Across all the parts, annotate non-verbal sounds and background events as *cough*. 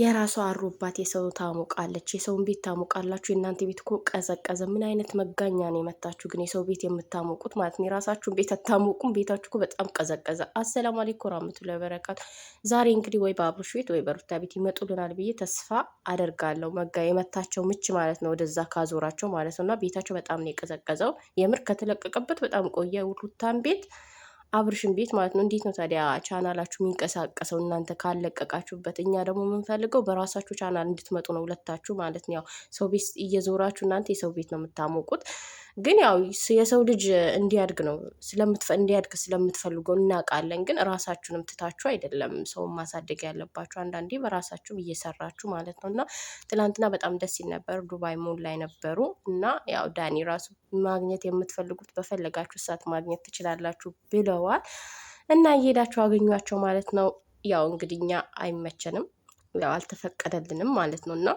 የራሷ አሮባት የሰው ታሞቃለች። የሰውን ቤት ታሞቃላችሁ። የእናንተ ቤት እኮ ቀዘቀዘ። ምን አይነት መጋኛ ነው የመታችሁ ግን የሰው ቤት የምታሞቁት ማለት ነው። የራሳችሁን ቤት አታሞቁም። ቤታችሁ እኮ በጣም ቀዘቀዘ። አሰላሙ አለይኩም ወራህመቱላሂ ወበረካቱ። ዛሬ እንግዲህ ወይ በአብሮሽ ቤት ወይ በሩታ ቤት ይመጡልናል ብዬ ተስፋ አደርጋለሁ። መጋ የመታቸው ምች ማለት ነው፣ ወደዛ ካዞራቸው ማለት ነው። እና ቤታቸው በጣም ነው የቀዘቀዘው። የምር ከተለቀቀበት በጣም ቆየ። ሩታን ቤት አብርሽን ቤት ማለት ነው። እንዴት ነው ታዲያ ቻናላችሁ የሚንቀሳቀሰው እናንተ ካለቀቃችሁበት? እኛ ደግሞ የምንፈልገው በራሳችሁ ቻናል እንድትመጡ ነው ሁለታችሁ ማለት ነው። ያው ሰው ቤት እየዞራችሁ እናንተ የሰው ቤት ነው የምታሞቁት። ግን ያው የሰው ልጅ እንዲያድግ ነው እንዲያድግ ስለምትፈልገው እናውቃለን። ግን ራሳችሁንም ትታችሁ አይደለም ሰውን ማሳደግ ያለባችሁ፣ አንዳንዴ በራሳችሁም እየሰራችሁ ማለት ነው። እና ትናንትና በጣም ደስ ይል ነበር። ዱባይ ሞል ላይ ነበሩ እና ያው ዳኒ ራሱ ማግኘት የምትፈልጉት በፈለጋችሁ ሰዓት ማግኘት ትችላላችሁ ብለዋል። እና እየሄዳችሁ አገኟቸው ማለት ነው። ያው እንግዲህ እኛ አይመቸንም፣ ያው አልተፈቀደልንም ማለት ነው እና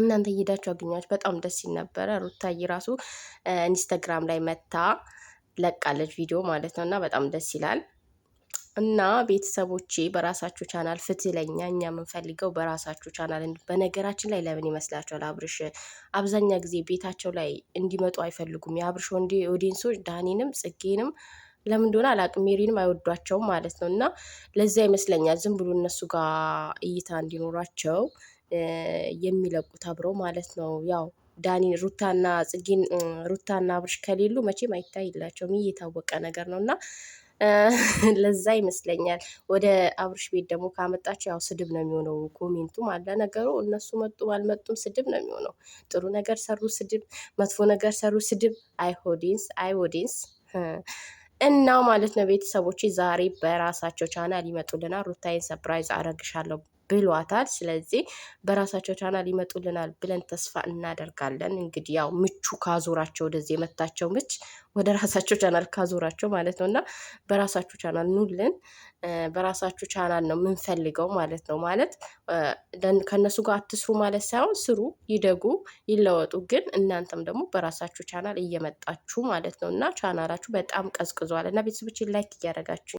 እናንተ እየሄዳችሁ አገኛችሁ። በጣም ደስ ሲል ነበረ። ሩታዬ ራሱ ኢንስታግራም ላይ መታ ለቃለች ቪዲዮ ማለት ነው እና በጣም ደስ ይላል። እና ቤተሰቦቼ በራሳችሁ ቻናል ፍትህ ለኛ እኛ የምንፈልገው በራሳችሁ ቻናል። በነገራችን ላይ ለምን ይመስላችኋል አብርሽ አብዛኛ ጊዜ ቤታቸው ላይ እንዲመጡ አይፈልጉም የአብርሽ ወንዴ ኦዲንሶች ዳኒንም ጽጌንም ለምን እንደሆነ አላቅም ሜሪንም አይወዷቸውም ማለት ነው እና ለዛ ይመስለኛል ዝም ብሎ እነሱ ጋር እይታ እንዲኖራቸው የሚለቁት አብረው ማለት ነው። ያው ዳኒ ሩታና ጽጌን ሩታና አብርሽ ከሌሉ መቼም አይታይላቸውም። ይህ የታወቀ ነገር ነው እና *laughs* ለዛ ይመስለኛል ወደ አብርሽ ቤት ደግሞ ካመጣቸው ያው ስድብ ነው የሚሆነው። ኮሜንቱም አለ ነገሩ። እነሱ መጡም አልመጡም ስድብ ነው የሚሆነው። ጥሩ ነገር ሰሩ ስድብ፣ መጥፎ ነገር ሰሩ ስድብ። አይ ኦዲየንስ፣ አይ ኦዲየንስ እናው ማለት ነው ቤተሰቦች ዛሬ በራሳቸው ቻናል ይመጡልናል። ሩታዬን ሰፕራይዝ አረግሻለሁ ብሏታል። ስለዚህ በራሳቸው ቻናል ይመጡልናል ብለን ተስፋ እናደርጋለን። እንግዲህ ያው ምቹ ካዞራቸው ወደዚህ የመታቸው ምች ወደ ራሳቸው ቻናል ካዞራቸው ማለት ነው እና በራሳችሁ ቻናል ኑልን፣ በራሳችሁ ቻናል ነው የምንፈልገው ማለት ነው። ማለት ከእነሱ ጋር አትስሩ ማለት ሳይሆን ስሩ፣ ይደጉ፣ ይለወጡ፣ ግን እናንተም ደግሞ በራሳችሁ ቻናል እየመጣችሁ ማለት ነው እና ቻናላችሁ በጣም ቀዝቅዟል እና ቤተሰቦችን ላይክ እያደረጋችሁ